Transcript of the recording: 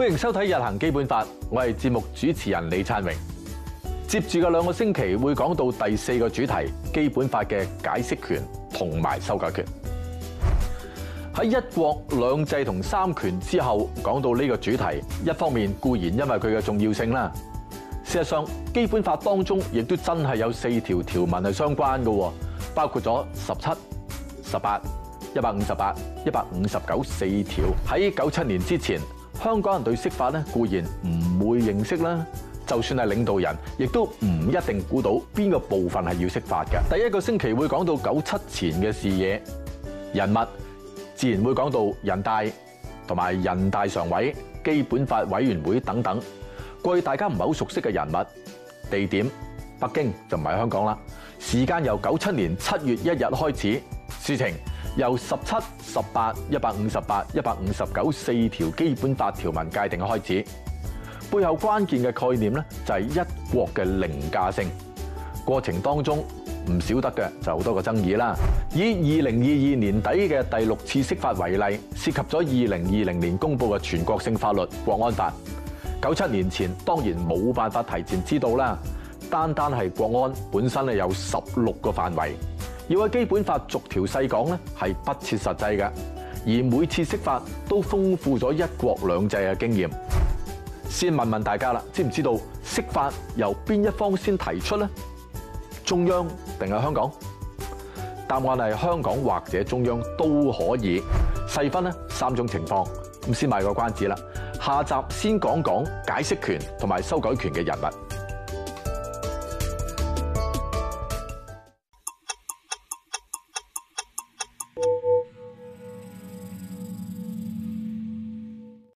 歡迎收睇《日行基本法》，我係節目主持人李燦榮。接住嘅兩個星期會講到第四個主題——基本法嘅解釋權同埋修改權。喺一國兩制同三權之後，講到呢個主題，一方面固然因為佢嘅重要性啦。事實上，基本法當中亦都真係有四條條文係相關嘅，包括咗十七、十八、一百五十八、一百五十九四條。喺九七年之前，香港人對釋法咧固然唔會認識啦，就算係領導人，亦都唔一定估到邊個部分係要釋法嘅。第一個星期會講到九七前嘅視野、人物，自然會講到人大同埋人大常委、基本法委員會等等，貴大家唔係好熟悉嘅人物、地點，北京就唔係香港啦。時間由九七年七月一日開始。事情由十七、十八、一百五十八、一百五十九四條基本法條文界定開始，背後關鍵嘅概念咧就係一國嘅凌駕性。過程當中唔少得嘅就好多個爭議啦。以二零二二年底嘅第六次釋法為例，涉及咗二零二零年公布嘅全國性法律《國安法》。九七年前當然冇辦法提前知道啦，單單係國安本身咧有十六個範圍。要喺基本法逐條細講咧，係不切實際嘅；而每次釋法都豐富咗一國兩制嘅經驗。先問問大家啦，知唔知道釋法由邊一方先提出呢？中央定係香港？答案係香港或者中央都可以。細分呢，三種情況。咁先賣個關子啦，下集先講講解釋權同埋修改權嘅人物。